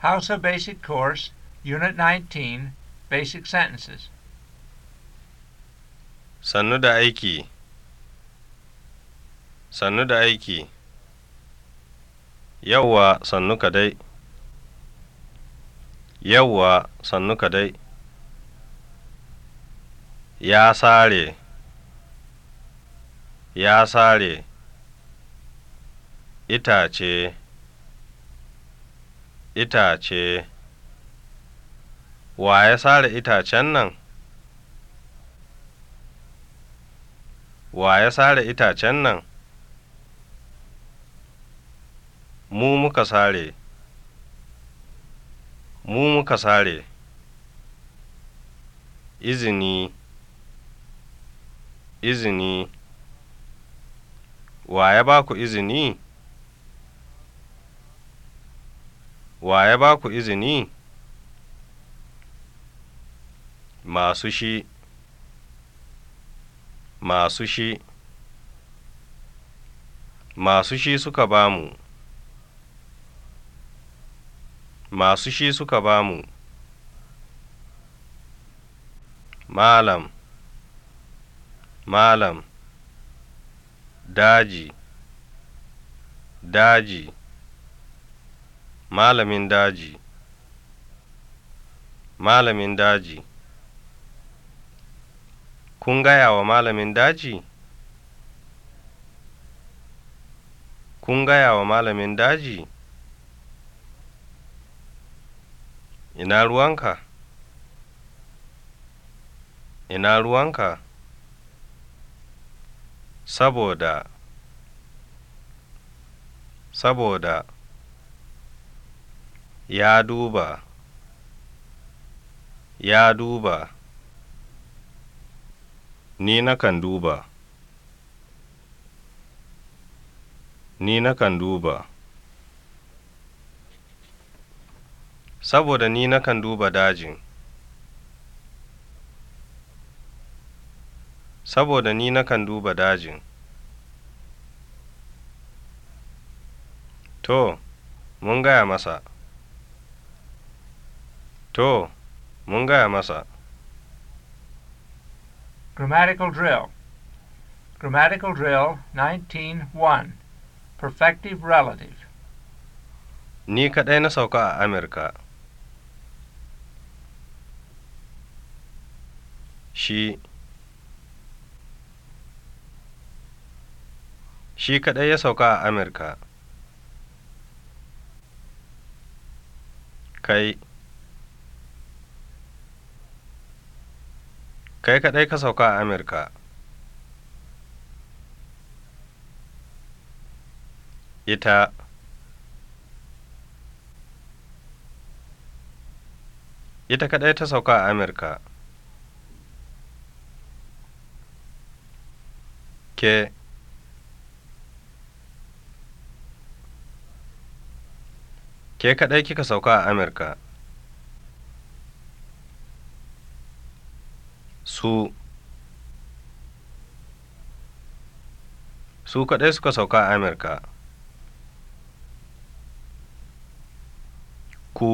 Hausa Basic Course, Unit 19, Basic Sentences. Sannu da aiki. Sannu da aiki. Yawwa sannu ka dai. Yawwa sannu ka dai. Ya sare. Ya sare. Itace. itace wa ya sare itacen nan wa ya sare itacen nan mu muka sare mu muka sare izini izini wa ya ba ku izini wa ya ba ku izini masu shi masu shi masu shi suka ba mu masu shi suka ba mu malam malam daji daji malamin daji malamin daji kun gaya wa malamin daji kun gaya wa malamin daji ina ruwanka ina ruwanka saboda saboda ya duba ya duba ni nakan duba ni nakan duba saboda ni nakan duba dajin saboda ni nakan duba dajin to mun gaya masa To, mun gaya masa. Grammatical drill. Grammatical drill 19.1 Perfective relative. Ni kaɗai na sauka a Amurka. Shi Shi kaɗai ya sauka a Amurka. Kai. kai kaɗai ka sauka a amurka ita ita kaɗai ta sauka a amurka ke ke kaɗai kika sauka a amurka su su kaɗai suka sauka a amurka ku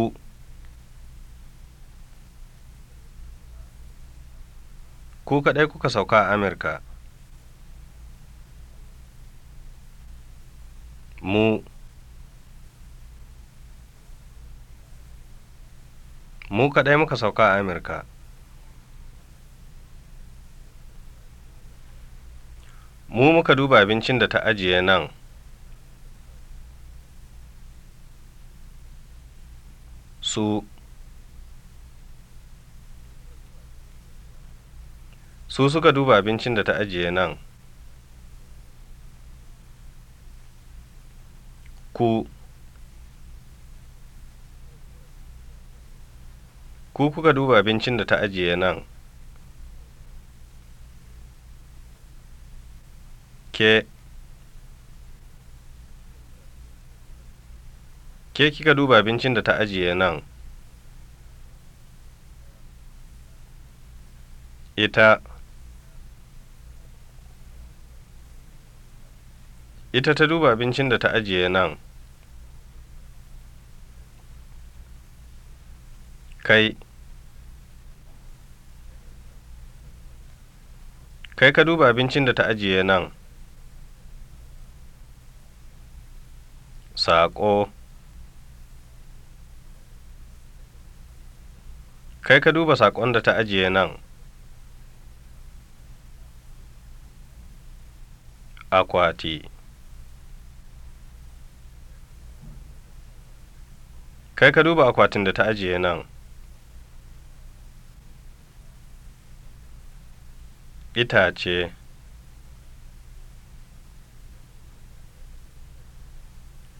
ku kaɗai kuka sauka a amurka mu mu kaɗai muka sauka a amurka mu muka duba abincin da ta ajiye nan su su suka duba abincin da ta ajiye nan ku ku kuka duba abincin da ta ajiye nan ke ke kika duba abincin da ta ajiye nan ita ita ta duba abincin da ta ajiye nan kai kai ka duba abincin da ta ajiye nan Saƙo Kai ka duba saƙon da ta ajiye nan. Akwati Kai ka duba akwatin da ta ajiye nan. Itace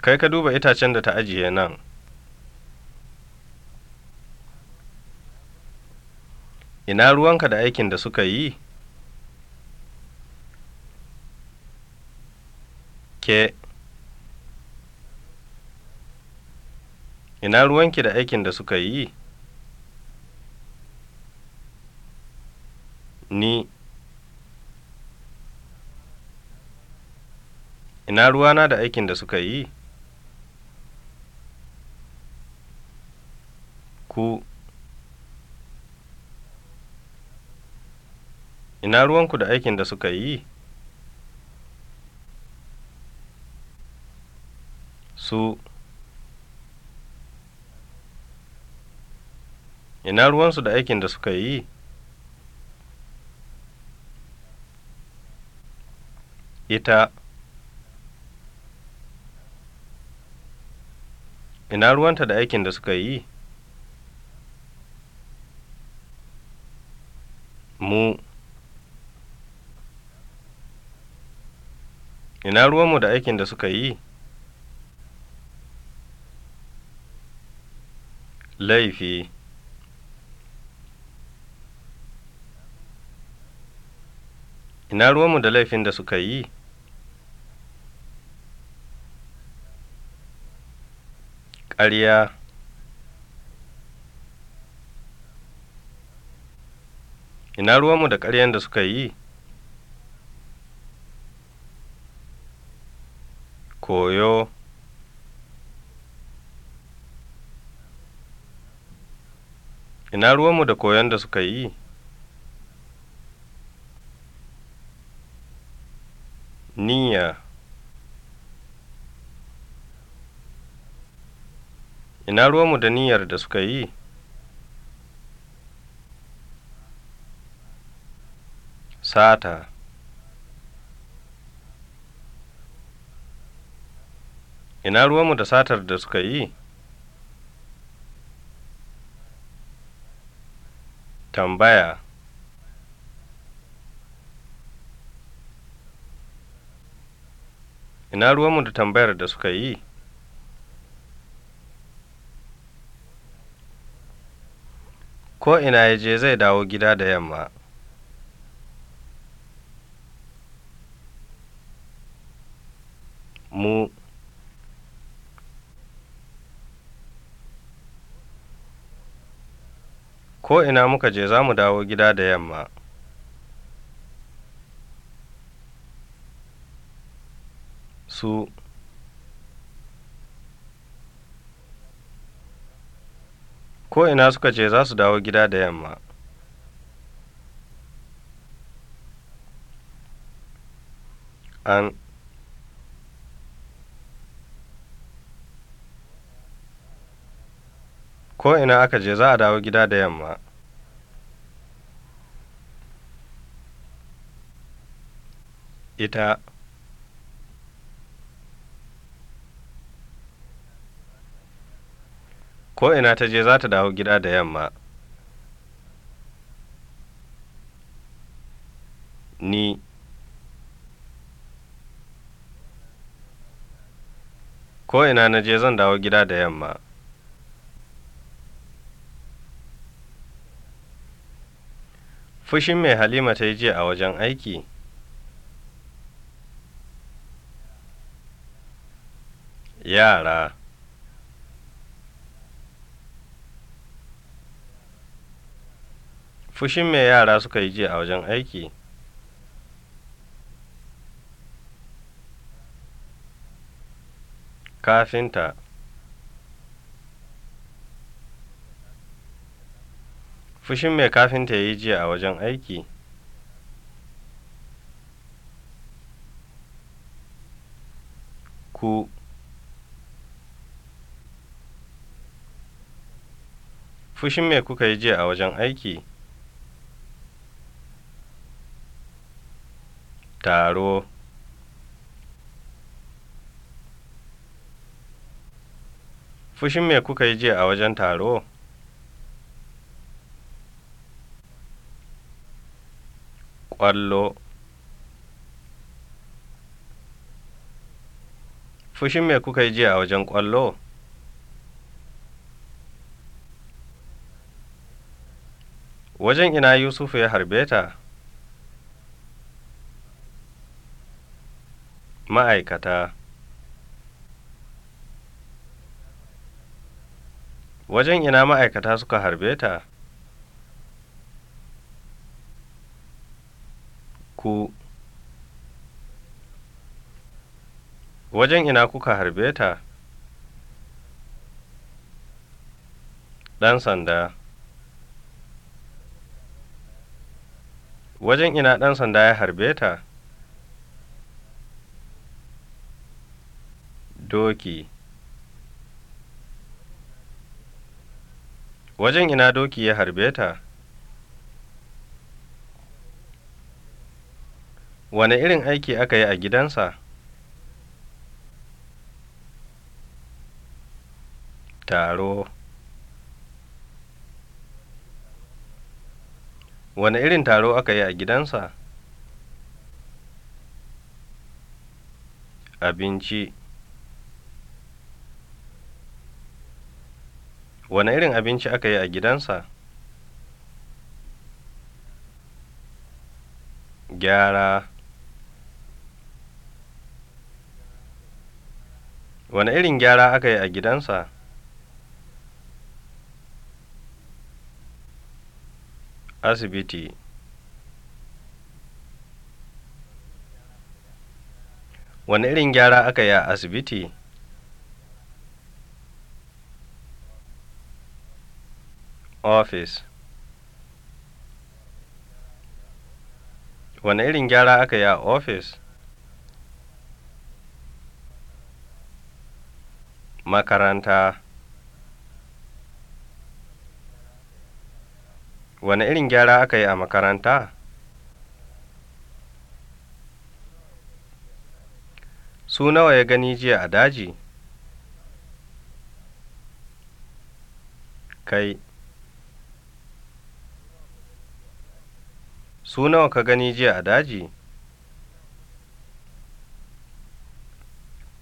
kai ka duba itacen da ta ajiye nan ina ruwanka da aikin da suka yi ke ina ruwanki da aikin da suka yi ni ina ruwana da aikin da suka yi ku. Ina ruwanku da aikin da suka yi? Su. Ina ruwansu da aikin da suka yi? Ita. Ina ruwanta da aikin da suka yi? Mu. Ina ruwanmu da aikin da suka yi? Laifi. Ina ruwanmu da laifin da suka yi? ƙarya ina ruwanmu da ƙaryan da suka yi koyo ina ruwanmu da koyon da suka yi niyya ina ruwanmu da niyyar da suka yi sata ina ruwanmu da satar da suka yi tambaya ina ruwanmu da tambayar da suka yi ko ina ya je zai dawo gida da yamma mu ko ina muka je za mu dawo gida da yamma su ko ina suka ce za su dawo gida da yamma an ko ina aka je za a dawo gida da yamma ita ko ina ta je za ta dawo gida da yamma ni ko ina na je zan dawo gida da yamma Fushin mai Halima ta yi jiya a wajen aiki? Yara Fushin mai yara suka yi jiya a wajen aiki? Kafinta Fushin mai kafinta ya yi jiya a wajen aiki. Ku Fushin me kuka yi jiya a wajen aiki? Taro Fushin me kuka yi jiya a wajen taro? ƙwallo fushin me kuka yi jiya a wajen ƙwallo wajen ina yusufu ya harbe ta ma'aikata wajen ina ma'aikata suka harbe ta ku wajen ina kuka harbe ta ɗan sanda wajen ina ɗan sanda ya harbe ta doki wajen ina doki ya harbe ta wane irin aiki aka yi a gidansa taro wane irin taro aka yi a gidansa abinci wane irin abinci aka yi a gidansa gyara Wane irin gyara aka yi a gidansa? Asibiti Wane irin gyara aka yi a asibiti? Ofis Wane irin gyara aka yi a ofis? makaranta Wani irin gyara aka yi a makaranta su nawa ya gani jiya a daji kai su nawa ka gani jiya a daji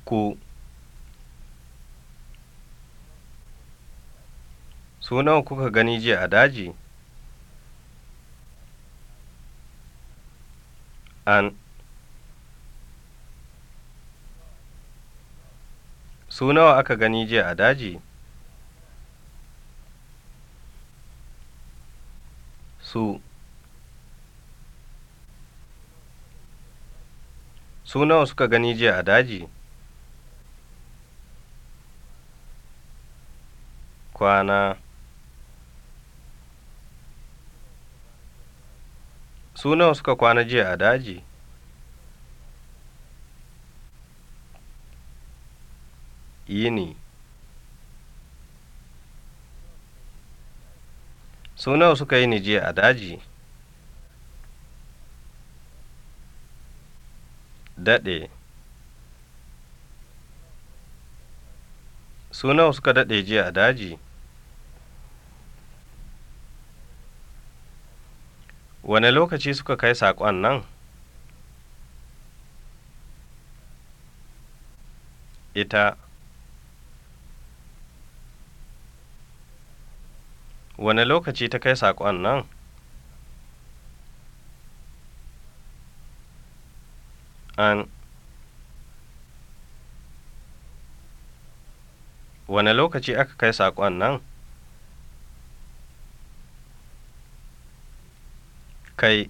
ku Su nawa kuka gani jiya a daji? An. Su nawa aka gani jiya a daji? Su. Su nawa suka gani jiya a daji? Kwana. su nawa suka kwana jiya a daji yini su nawa suka yi ni jiya a daji daɗe su nawa suka daɗe jiya a daji wane lokaci suka kai saƙon nan ita wane lokaci ta kai saƙon nan an wane lokaci aka kai saƙon nan kai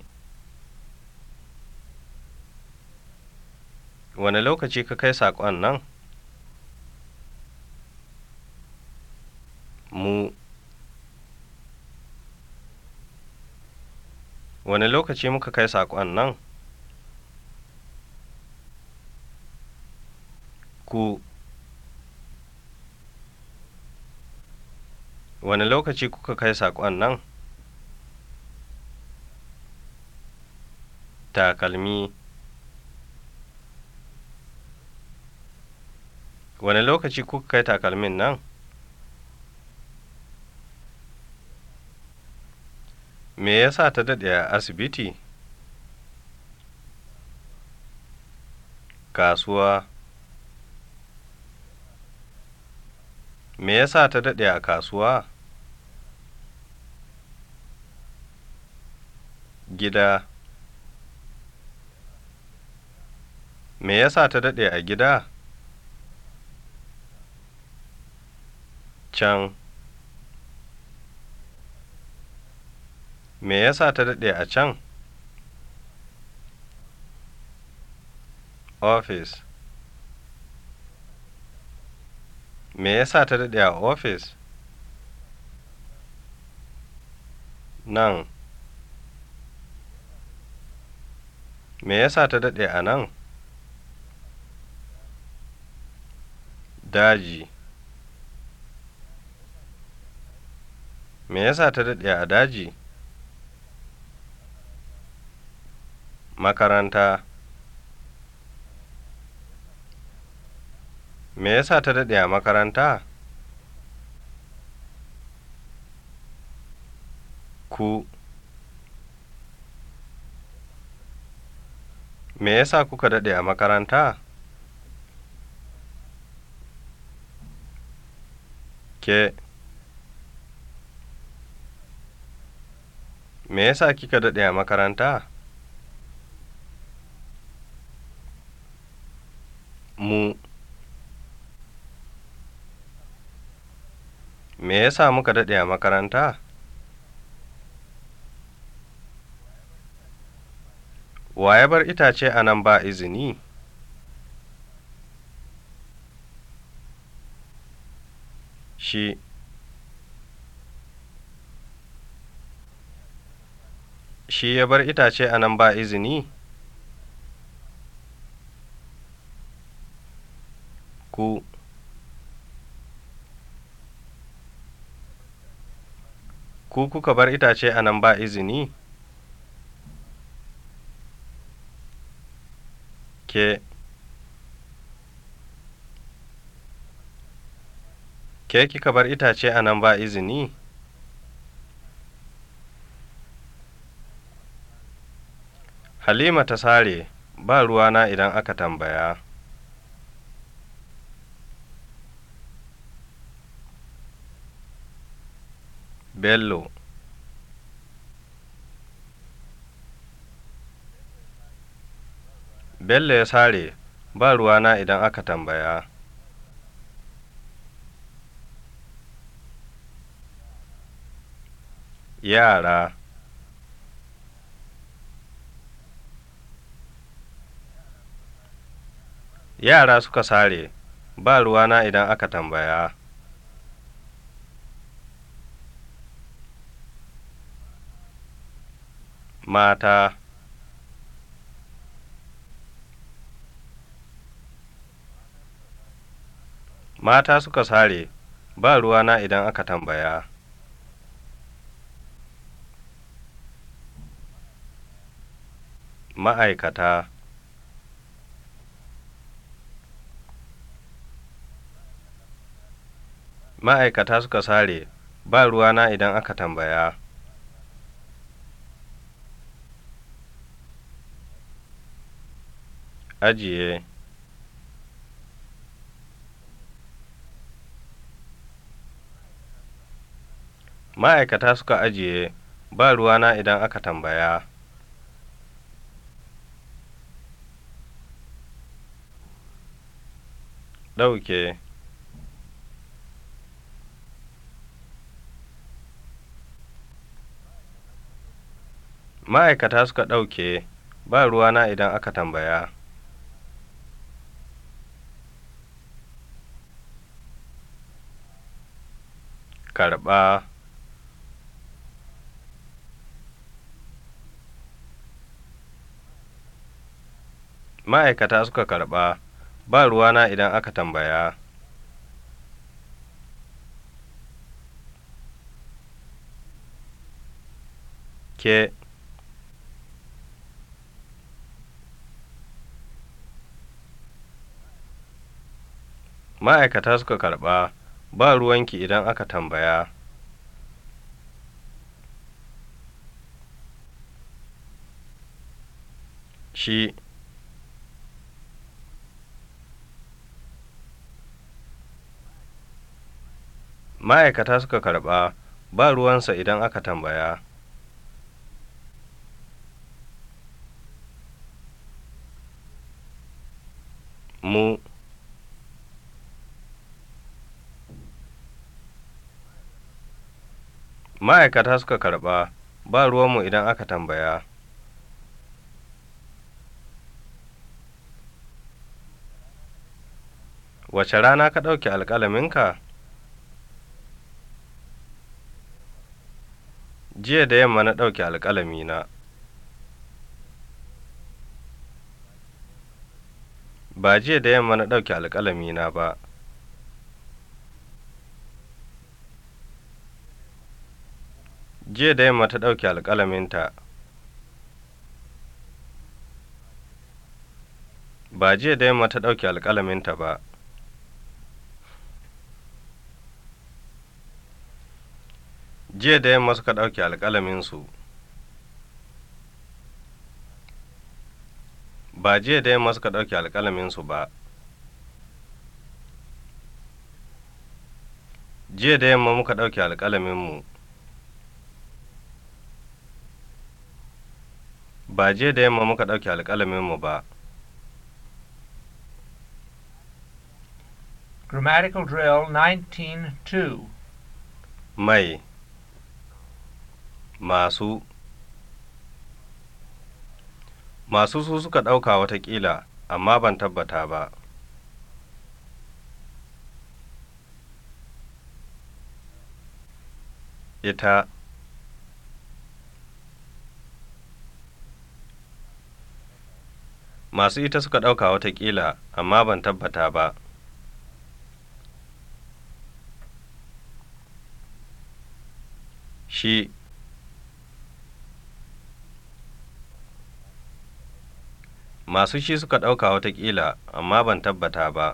wane lokaci ka kai saƙon nan mu wane lokaci muka kai saƙon nan ku wane lokaci kuka kai saƙon nan takalmi Wani lokaci kuka kai takalmin nan me yasa ta daɗe a asibiti kasuwa me yasa ta daɗe a kasuwa gida Me yasa ta daɗe a gida? Can. Me yasa ta daɗe a can? Office. Me yasa ta daɗe a office? Nan. Me yasa ta daɗe a nan? daji me yasa ta daɗe a daji makaranta me yasa ta daɗe a makaranta ku me yasa kuka daɗe a makaranta Ke, me yasa kika daɗe a makaranta? Mu, me yasa muka daɗe a makaranta? Wa ya bar itace a nan ba izini? shi shi ya bar itace a nan ba izini ku ku kuka bar itace a nan ba izini ke Ke kika bar itace a nan ba izini? Halima ta sare, ba ruwana idan aka tambaya. Bello Bello ya sare, ba ruwana idan aka tambaya. yara yara suka sare ba ruwana idan aka tambaya mata mata suka sare ba ruwana idan aka tambaya ma'aikata ma'aikata suka sare ba ruwana idan aka tambaya ajiye ma'aikata suka ajiye ba ruwana idan aka tambaya ɗauke ma'aikata suka ɗauke ba ruwana idan aka tambaya karɓa ma'aikata suka karɓa ba ruwana idan aka tambaya ke ma'aikata suka karɓa ba ruwanki idan aka tambaya shi ma'aikata suka karɓa ba ruwansa idan aka tambaya mu ma'aikata suka karɓa ba ruwanmu idan aka tambaya wace rana ka ɗauke alƙalaminka jiya da yamma na ɗauke alƙalami na ba jiya da yamma na ɗauke alƙalami na ba jiya da yamma ta ɗauke alƙalaminta ba jiya da yamma ta ɗauke alƙalaminta ba jiya da yamma suka ɗauke alƙalaminsu ba jiya da yamma suka ɗauke alƙalaminsu ba jiya da yamma muka ɗauke alƙalaminmu ba jiya da yamma muka ɗauke alƙalaminmu ba grammatical drill 19-2 mai masu masu su suka ɗauka watakila amma ban tabbata ba ita masu ita suka ɗauka watakila amma ban tabbata ba shi masu shi suka ɗauka watakila amma ban tabbata ba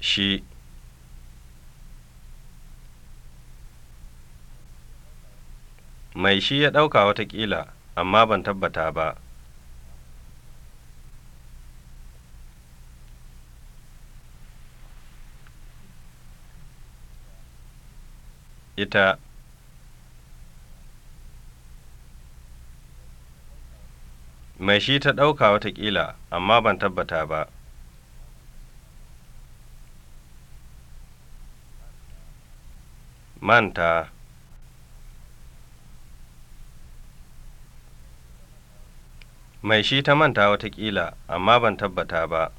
shi mai shi ya ɗauka watakila amma ban tabbata ba ita mai shi ta ɗauka watakila amma ban tabbata ba manta mai shi ta manta watakila amma ban tabbata ba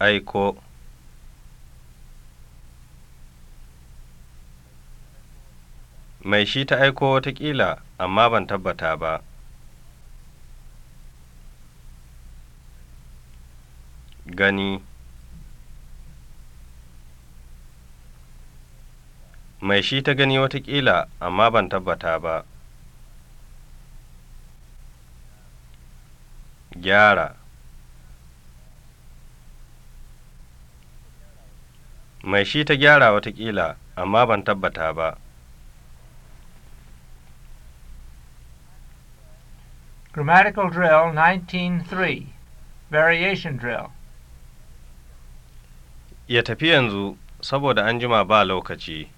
aiko mai shi ta aiko watakila amma ban tabbata ba gani mai shi ta gani watakila amma ban tabbata ba gyara mai shi ta gyara watakila amma ban tabbata ba Grammatical Drill 19.3 Variation Drill Ya tafi yanzu saboda an jima ba lokaci.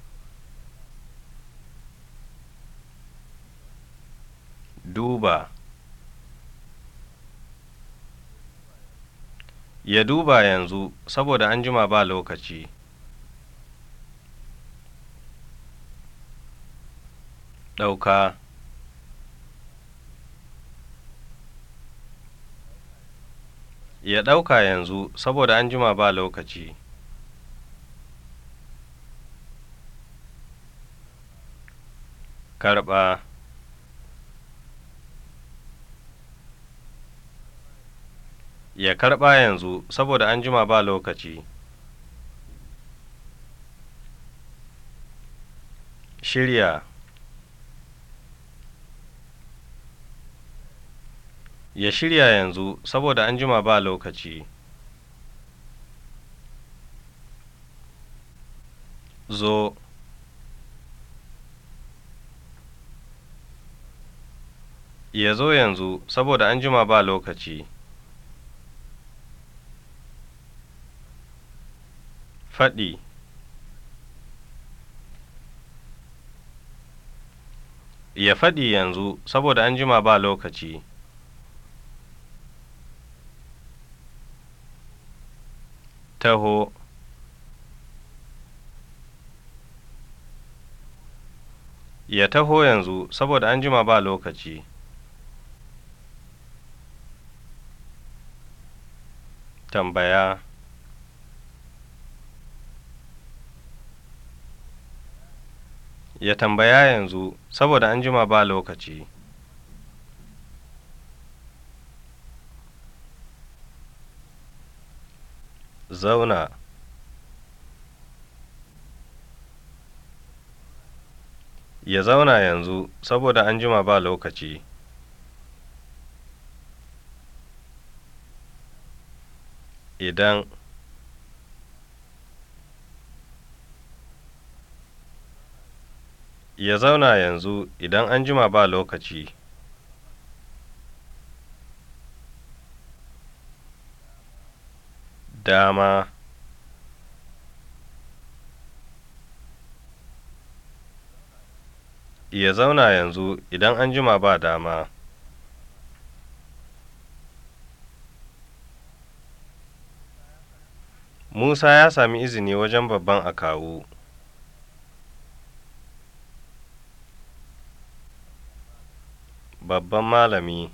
Duba Ya duba yanzu saboda an jima ba lokaci. Ɗauka Ya ɗauka yanzu saboda an jima ba lokaci. Karɓa Ya karɓa yanzu saboda an jima ba lokaci. Shirya ya shirya yanzu saboda an jima ba lokaci zo ya zo yanzu saboda an jima ba lokaci faɗi ya faɗi yanzu saboda an jima ba lokaci taho ya taho yanzu saboda an jima ba lokaci tambaya ya tambaya yanzu saboda an jima ba lokaci Zauna Ya zauna yanzu saboda an jima ba lokaci. Idan Ya zauna yanzu idan an jima ba lokaci. dama ya zauna yanzu idan an jima ba dama Musa ya sami izini wajen babban akawu. Babban malami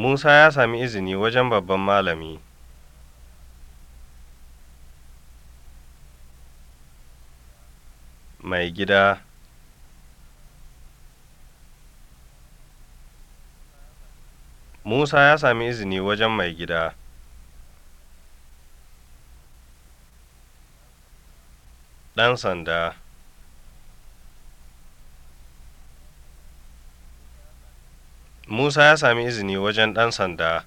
Musa ya sami izini wajen babban malami. Mai gida Musa ya sami izini wajen mai gida. ɗan sanda Musa ya sami izini wajen ɗan sanda.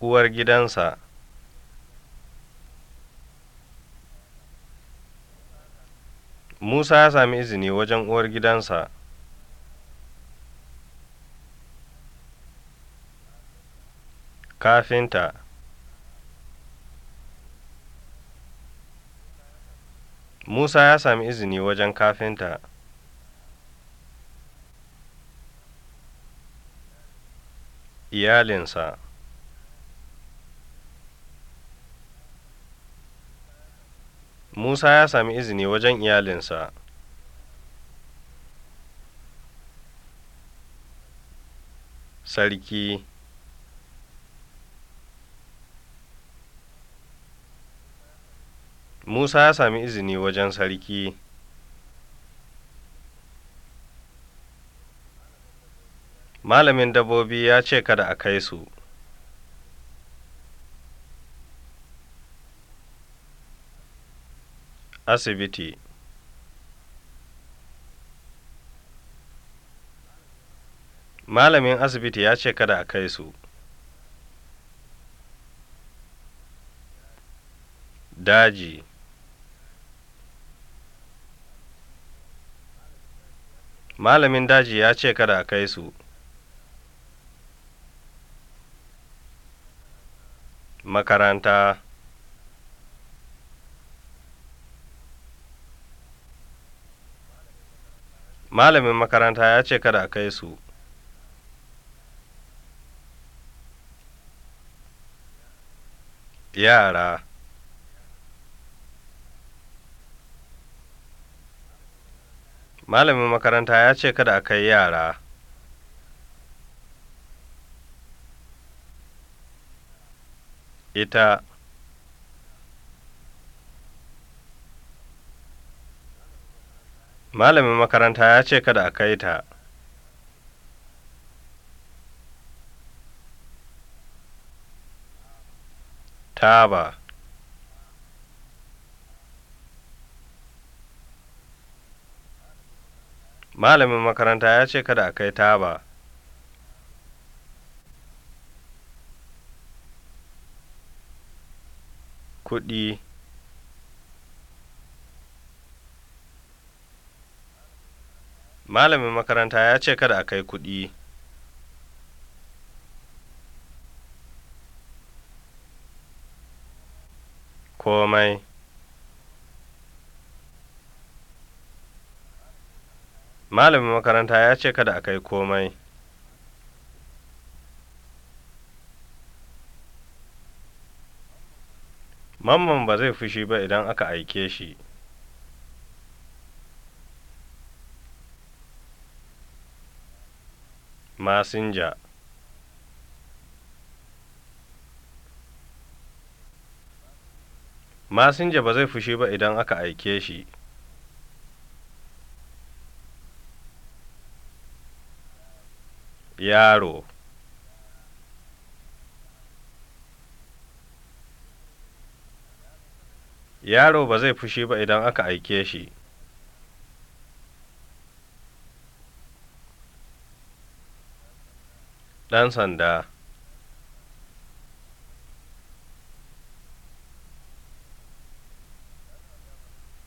Uwar gidansa Musa ya sami izini wajen uwar gidansa. Kafinta Musa ya sami izini wajen kafinta. iyalinsa Musa ya sami izini wajen iyalinsa. Sarki Musa ya sami izini wajen sarki. Malamin dabbobi ya ce kada a kai su. Asibiti Malamin asibiti ya ce kada a kai su. Daji malamin daji ya ce kada a kai su makaranta malamin makaranta ya ce kada a kai su yara malamin makaranta ya ce kada a kai yara ita malamin makaranta ya ce kada a kai ta taba malamin makaranta ya ce kada a kai taba kudi malamin makaranta ya ce kada a kai kuɗi komai malamin makaranta ya ce kada a kai komai mamman ba zai fushi ba idan aka aike shi masinja masinja ba zai fushi ba idan aka aike shi yaro yaro ba zai fushi ba idan aka aike shi ɗan sanda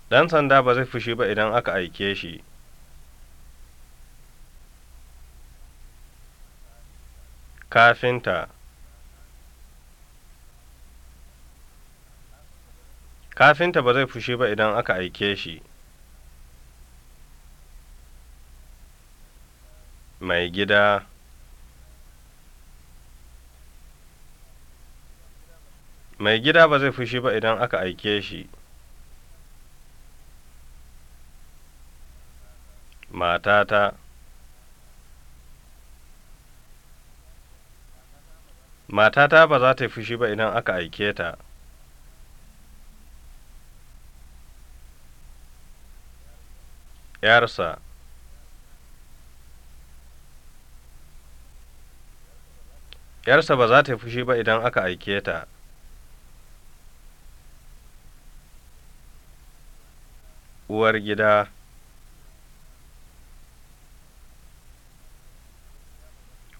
ɗan sanda ba zai fushi ba idan aka aike shi kafinta kafinta ba zai fushi ba idan aka aike shi mai gida mai gida ba zai fushi ba idan aka aike shi matata ta matata ba za ta yi fushi ba idan aka aike ta ‘yarsa ‘yarsa ba za ta yi fushi ba idan aka aike ta uwar gida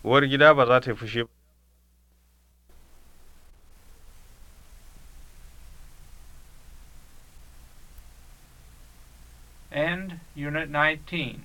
uwar gida ba za ta yi fushi ba and Unit 19.